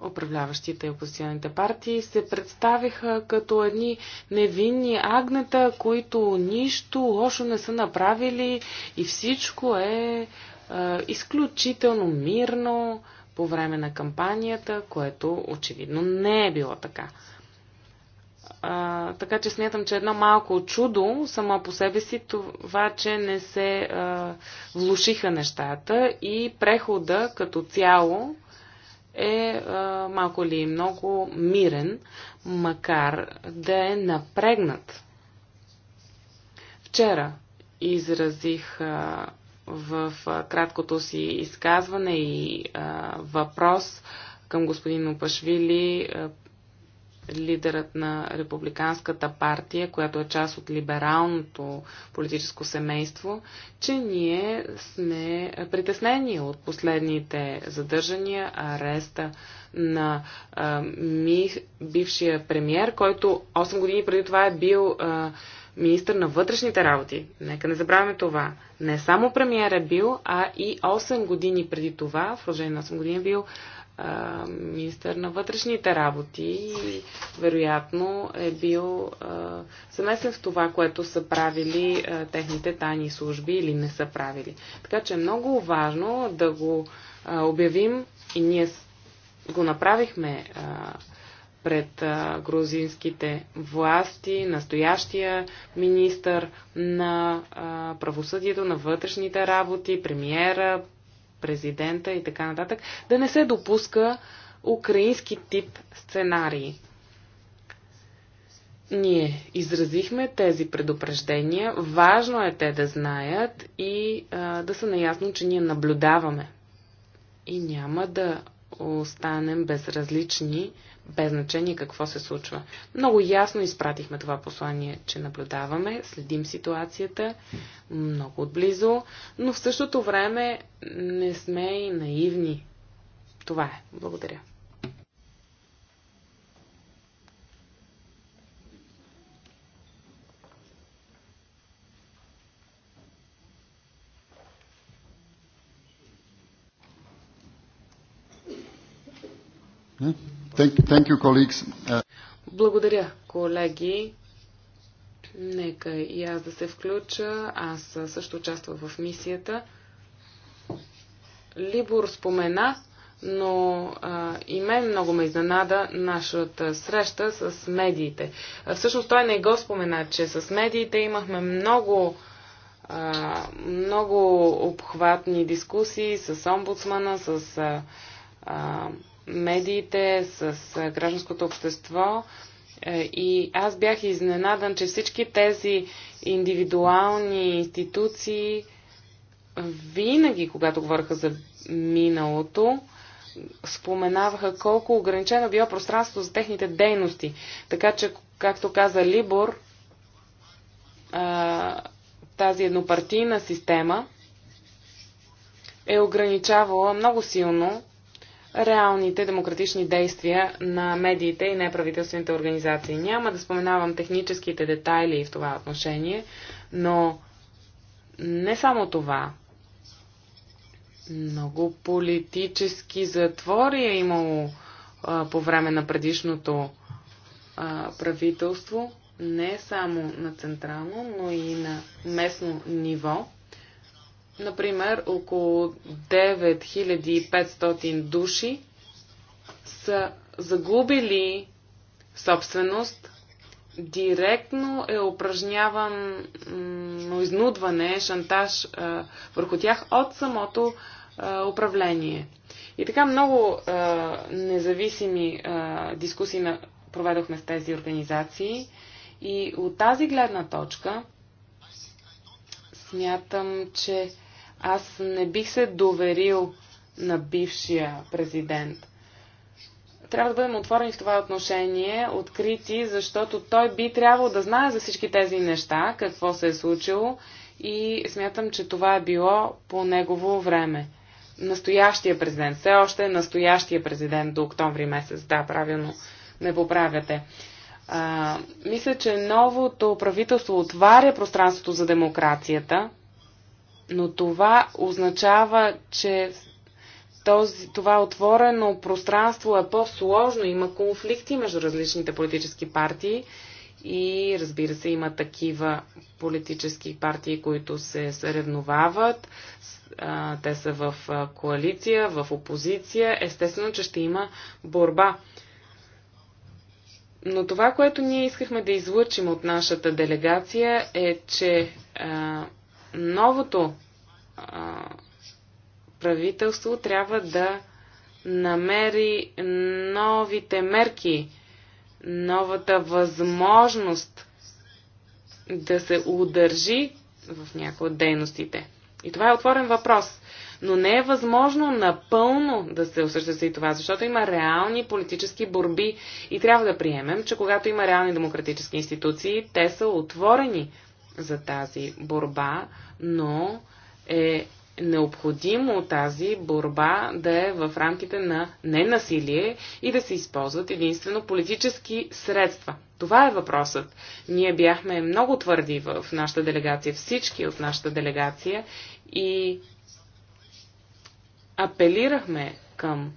управляващите и опозиционните партии, се представиха като едни невинни агнета, които нищо лошо не са направили и всичко е а, изключително мирно по време на кампанията, което очевидно не е било така така че смятам, че едно малко чудо само по себе си това, че не се а, влушиха нещата и прехода като цяло е а, малко ли много мирен, макар да е напрегнат. Вчера изразих а, в а, краткото си изказване и а, въпрос към господин Опашвили лидерът на Републиканската партия, която е част от либералното политическо семейство, че ние сме притеснени от последните задържания, ареста на а, ми, бившия премьер, който 8 години преди това е бил а, министр на вътрешните работи. Нека не забравяме това. Не само премьер е бил, а и 8 години преди това, в продължение на 8 години е бил а, министър на вътрешните работи и вероятно е бил замесен в това, което са правили а, техните тайни служби или не са правили. Така че е много важно да го а, обявим и ние го направихме а, пред а, грузинските власти, настоящия министър на а, правосъдието, на вътрешните работи, премиера, президента и така нататък, да не се допуска украински тип сценарии. Ние изразихме тези предупреждения. Важно е те да знаят и а, да са наясно, че ние наблюдаваме. И няма да останем безразлични без значение какво се случва. Много ясно изпратихме това послание, че наблюдаваме, следим ситуацията много отблизо, но в същото време не сме и наивни. Това е. Благодаря. Mm-hmm. Thank, thank you, uh, Благодаря, колеги. Нека и аз да се включа. Аз също участвах в мисията. Либор спомена, но а, и мен много ме изненада нашата среща с медиите. А, всъщност той не го спомена, че с медиите имахме много, а, много обхватни дискусии с омбудсмана, с а, а, медиите, с гражданското общество. Е, и аз бях изненадан, че всички тези индивидуални институции винаги, когато говориха за миналото, споменаваха колко ограничено било пространството за техните дейности. Така че, както каза Либор, тази еднопартийна система е ограничавала много силно реалните демократични действия на медиите и неправителствените организации. Няма да споменавам техническите детайли в това отношение, но не само това. Много политически затвори е имало а, по време на предишното а, правителство, не само на централно, но и на местно ниво. Например, около 9500 души са загубили собственост, директно е упражнявано изнудване, шантаж върху тях от самото управление. И така много независими дискусии проведохме с тези организации и от тази гледна точка смятам, че аз не бих се доверил на бившия президент. Трябва да бъдем отворени в това отношение, открити, защото той би трябвало да знае за всички тези неща, какво се е случило и смятам, че това е било по негово време. Настоящия президент, все още е настоящия президент до октомври месец, да, правилно ме поправяте. А, мисля, че новото правителство отваря пространството за демокрацията, но това означава, че този, това отворено пространство е по-сложно, има конфликти между различните политически партии и разбира се има такива политически партии, които се съревновават, те са в коалиция, в опозиция, естествено, че ще има борба. Но това, което ние искахме да излъчим от нашата делегация е, че новото а, правителство трябва да намери новите мерки, новата възможност да се удържи в някои от дейностите. И това е отворен въпрос. Но не е възможно напълно да се осъществи това, защото има реални политически борби и трябва да приемем, че когато има реални демократически институции, те са отворени за тази борба, но е необходимо тази борба да е в рамките на ненасилие и да се използват единствено политически средства. Това е въпросът. Ние бяхме много твърди в нашата делегация, всички от нашата делегация и апелирахме към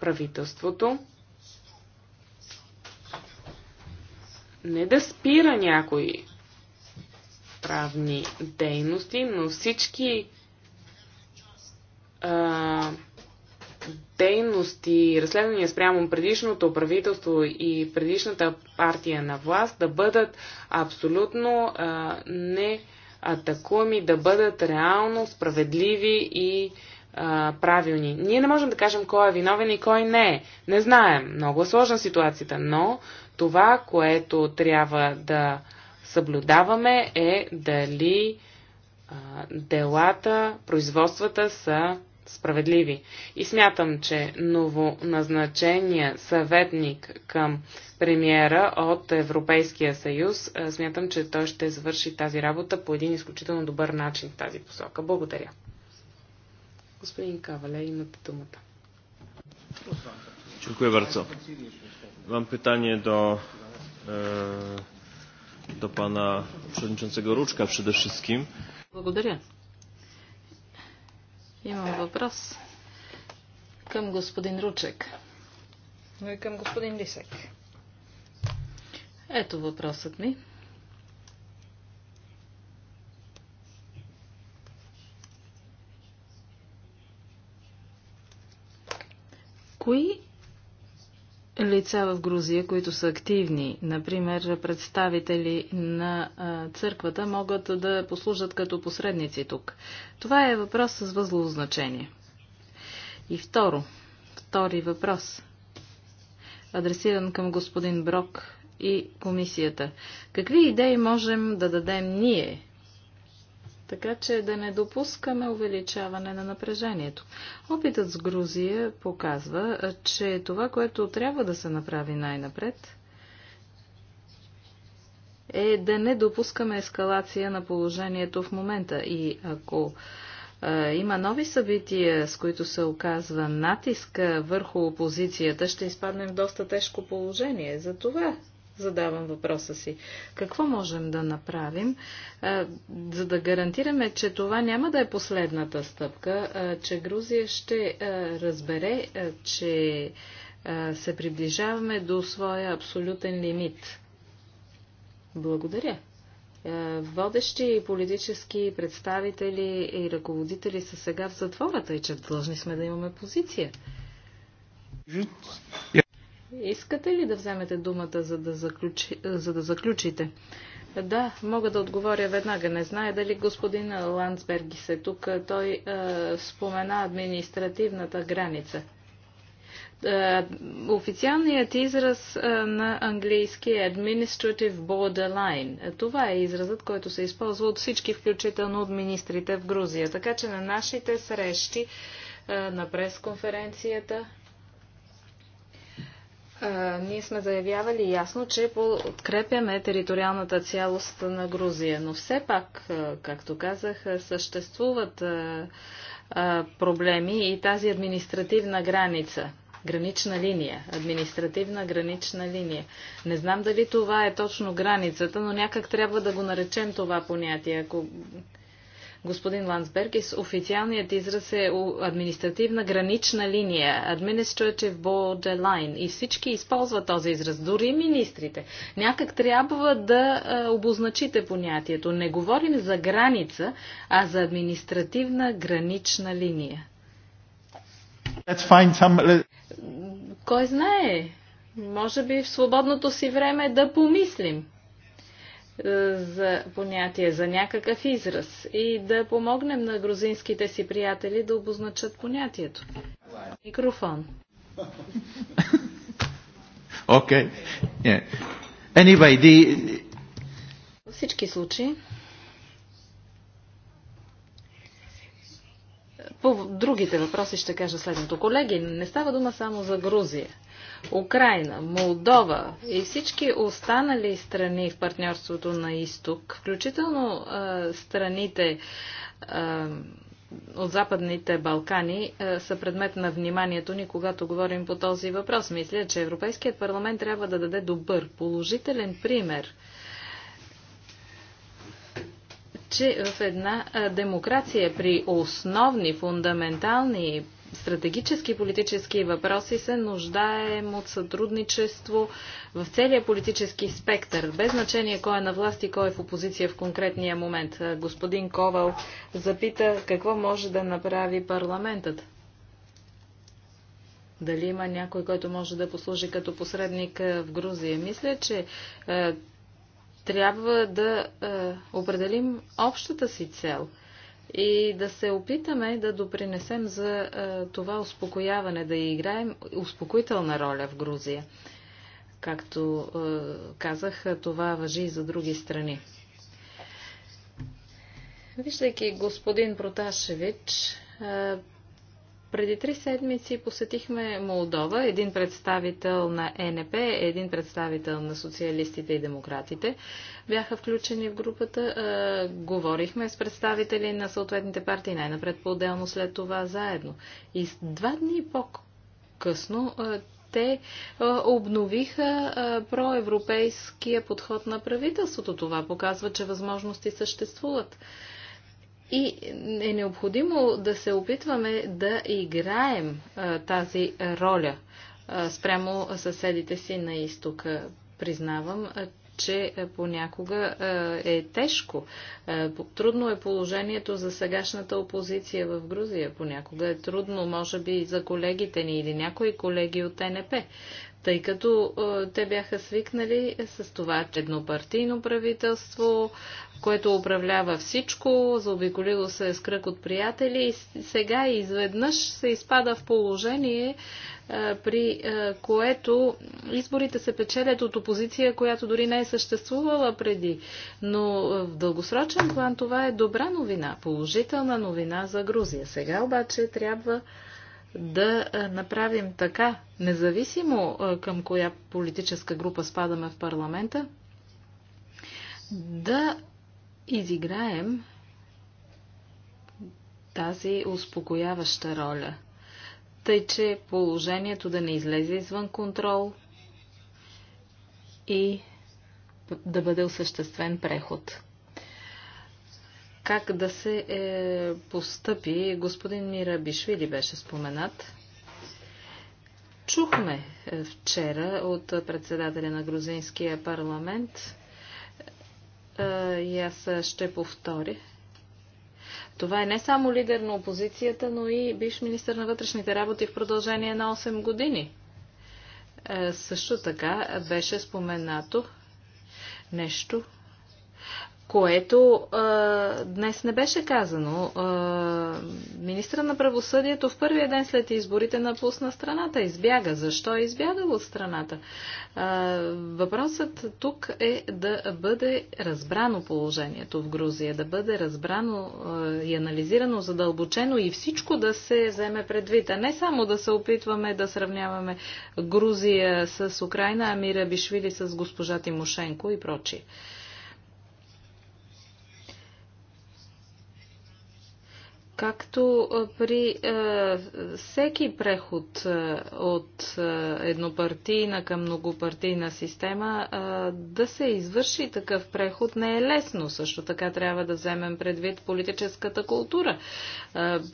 правителството не да спира някои правни дейности, но всички а, дейности, разследвания спрямо предишното правителство и предишната партия на власт да бъдат абсолютно а, не атакуеми, да бъдат реално справедливи и правилни. Ние не можем да кажем кой е виновен и кой не е. Не знаем. Много е сложна ситуацията, но това, което трябва да съблюдаваме е дали а, делата, производствата са справедливи. И смятам, че новоназначения съветник към премиера от Европейския съюз, смятам, че той ще завърши тази работа по един изключително добър начин в тази посока. Благодаря. Господин Кавале, имате думата. Dziękuję bardzo. Mam pytanie do, do pana przewodniczącego Ruczka przede wszystkim. Dziękuję. Ja mam въпрос към господин Ruczek. No i към господин Lisek. Eto въпросът ми. Кои лица в Грузия, които са активни, например представители на църквата, могат да послужат като посредници тук? Това е въпрос с възлово значение. И второ, втори въпрос, адресиран към господин Брок и комисията. Какви идеи можем да дадем ние така че да не допускаме увеличаване на напрежението. Опитът с Грузия показва, че това, което трябва да се направи най-напред, е да не допускаме ескалация на положението в момента. И ако има нови събития, с които се оказва натиска върху опозицията, ще изпаднем в доста тежко положение. Затова задавам въпроса си. Какво можем да направим, за да гарантираме, че това няма да е последната стъпка, че Грузия ще разбере, че се приближаваме до своя абсолютен лимит? Благодаря. Водещи политически представители и ръководители са сега в затвората и че длъжни сме да имаме позиция. Искате ли да вземете думата, за да, заключи, за да заключите? Да, мога да отговоря веднага. Не знае дали господин Ландсберги се тук. Той е, спомена административната граница. Е, официалният израз е, на английски е Administrative Borderline. Това е изразът, който се използва от всички, включително от министрите в Грузия. Така че на нашите срещи е, на пресконференцията ние сме заявявали ясно, че подкрепяме териториалната цялост на Грузия, но все пак, както казах, съществуват проблеми и тази административна граница. Гранична линия, административна гранична линия. Не знам дали това е точно границата, но някак трябва да го наречем това понятие. Ако господин Ландсбергис, официалният израз е административна гранична линия, administrative е borderline. И всички използват този израз, дори министрите. Някак трябва да обозначите понятието. Не говорим за граница, а за административна гранична линия. Some... Кой знае? Може би в свободното си време да помислим е, за понятие, за някакъв израз и да помогнем на грузинските си приятели да обозначат понятието. Микрофон. Окей. Okay. Yeah. Anyway, the... Във всички случаи, по другите въпроси ще кажа следното. Колеги, не става дума само за Грузия. Украина, Молдова и всички останали страни в партньорството на изток, включително а, страните а, от Западните Балкани са предмет на вниманието ни, когато говорим по този въпрос. Мисля, че Европейският парламент трябва да даде добър, положителен пример че в една демокрация при основни фундаментални стратегически политически въпроси се нуждаем от сътрудничество в целия политически спектър, без значение кой е на власт и кой е в опозиция в конкретния момент. Господин Ковал запита какво може да направи парламентът. Дали има някой, който може да послужи като посредник в Грузия? Мисля, че е, трябва да е, определим общата си цел – и да се опитаме да допринесем за е, това успокояване, да играем успокоителна роля в Грузия. Както е, казах, това въжи и за други страни. Виждайки господин Проташевич, е, преди три седмици посетихме Молдова, един представител на ЕНП, един представител на социалистите и демократите. Бяха включени в групата, говорихме с представители на съответните партии, най-напред по-отделно след това заедно. И два дни по-късно те обновиха проевропейския подход на правителството. Това показва, че възможности съществуват. И е необходимо да се опитваме да играем а, тази роля а, спрямо съседите си на изток. Признавам, а, че понякога е тежко. Трудно е положението за сегашната опозиция в Грузия. Понякога е трудно, може би, и за колегите ни или някои колеги от НП тъй като е, те бяха свикнали с това, че еднопартийно правителство, което управлява всичко, заобиколило се с кръг от приятели и сега изведнъж се изпада в положение, е, при е, което изборите се печелят от опозиция, която дори не е съществувала преди. Но в дългосрочен план това е добра новина, положителна новина за Грузия. Сега обаче трябва да направим така, независимо към коя политическа група спадаме в парламента, да изиграем тази успокояваща роля. Тъй, че положението да не излезе извън контрол и да бъде осъществен преход как да се е, постъпи. Господин Мира Бишвили беше споменат. Чухме е, вчера от председателя на грузинския парламент е, и аз ще повторя. Това е не само лидер на опозицията, но и бивш министр на вътрешните работи в продължение на 8 години. Е, също така беше споменато нещо, което а, днес не беше казано. А, министра на правосъдието в първия ден след изборите напусна страната, избяга. Защо е избягал от страната? А, въпросът тук е да бъде разбрано положението в Грузия, да бъде разбрано а, и анализирано задълбочено и всичко да се вземе предвид, а не само да се опитваме да сравняваме Грузия с Украина, Амира Бишвили с госпожа Тимошенко и прочие. Както при е, всеки преход е, от е, еднопартийна към многопартийна система, е, да се извърши такъв преход не е лесно. Също така трябва да вземем предвид политическата култура. Е,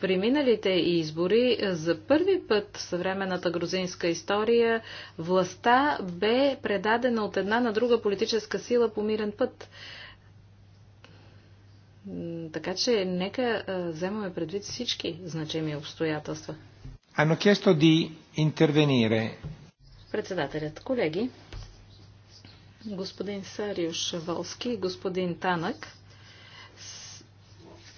при миналите избори за първи път в съвременната грузинска история властта бе предадена от една на друга политическа сила по мирен път. Е, така че нека вземаме предвид всички значими обстоятелства. Hanno chiesto di intervenire. Председателят, колеги, господин Сариуш Волски и господин Танък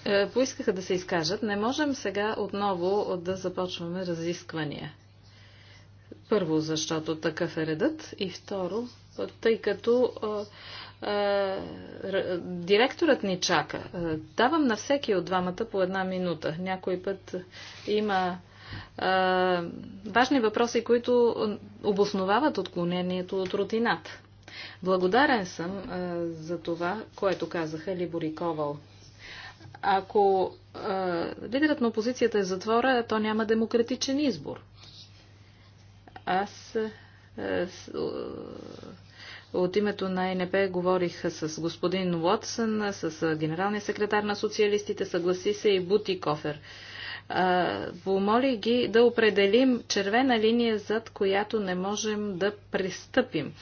е, поискаха да се изкажат. Не можем сега отново да започваме разисквания. Първо, защото такъв е редът и второ, тъй като е, е, директорът ни чака. Е, давам на всеки от двамата по една минута. Някой път има е, важни въпроси, които обосновават отклонението от рутината. Благодарен съм за това, което казаха Либор Ковал. Ако лидерът на опозицията е затвора, то няма демократичен избор. Аз от името на НП говорих с господин Уотсън, с генералния секретар на социалистите, съгласи се и Бути Кофер. Помоли ги да определим червена линия, зад която не можем да престъпим.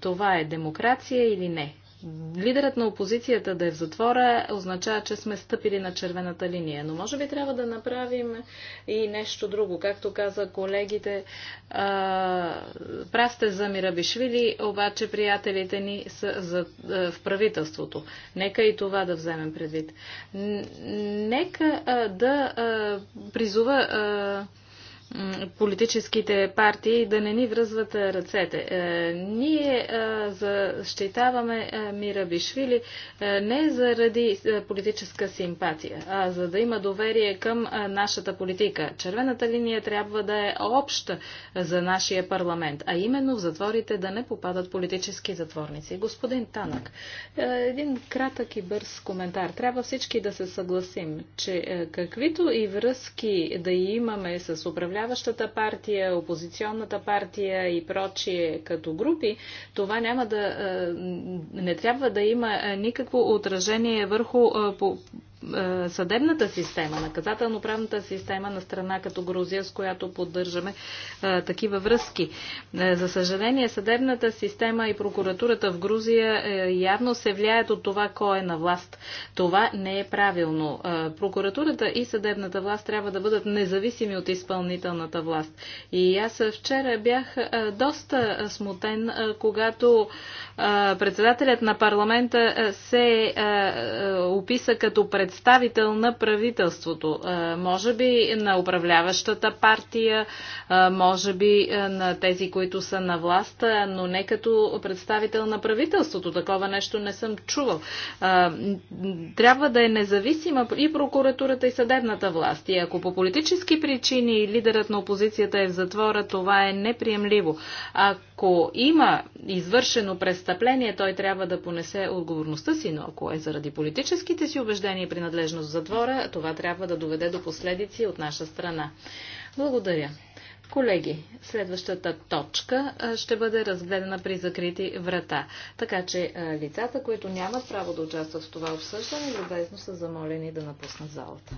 Това е демокрация или не? лидерът на опозицията да е в затвора означава, че сме стъпили на червената линия. Но може би трябва да направим и нещо друго. Както каза колегите, прав сте за Мирабишвили, обаче приятелите ни са за, а, в правителството. Нека и това да вземем предвид. Нека а, да а, призова политическите партии да не ни връзват ръцете. Е, ние защитаваме Мира Бишвили не заради политическа симпатия, а за да има доверие към нашата политика. Червената линия трябва да е обща за нашия парламент, а именно в затворите да не попадат политически затворници. Господин Танък, е, един кратък и бърз коментар. Трябва всички да се съгласим, че е, каквито и връзки да имаме с управлението управляващата партия, опозиционната партия и прочие като групи, това няма да, е, не трябва да има е, никакво отражение върху е, е, съдебната система, наказателно-правната система на страна като Грузия, с която поддържаме е, такива връзки. Е, за съжаление, съдебната система и прокуратурата в Грузия явно се влияят от това кой е на власт. Това не е правилно. Прокуратурата и съдебната власт трябва да бъдат независими от изпълнителната власт. И аз вчера бях доста смутен, когато председателят на парламента се описа като представител на правителството. Може би на управляващата партия, може би на тези, които са на власт, но не като представител на правителството. Такова нещо не съм чувал. Трябва да е независима и прокуратурата и съдебната власт. И ако по политически причини лидерът на опозицията е в затвора, това е неприемливо. Ако има извършено престъпление, престъпление, той трябва да понесе отговорността си, но ако е заради политическите си убеждения и принадлежност в затвора, това трябва да доведе до последици от наша страна. Благодаря. Колеги, следващата точка ще бъде разгледана при закрити врата. Така че лицата, които нямат право да участват в това обсъждане, любезно са замолени да напуснат залата.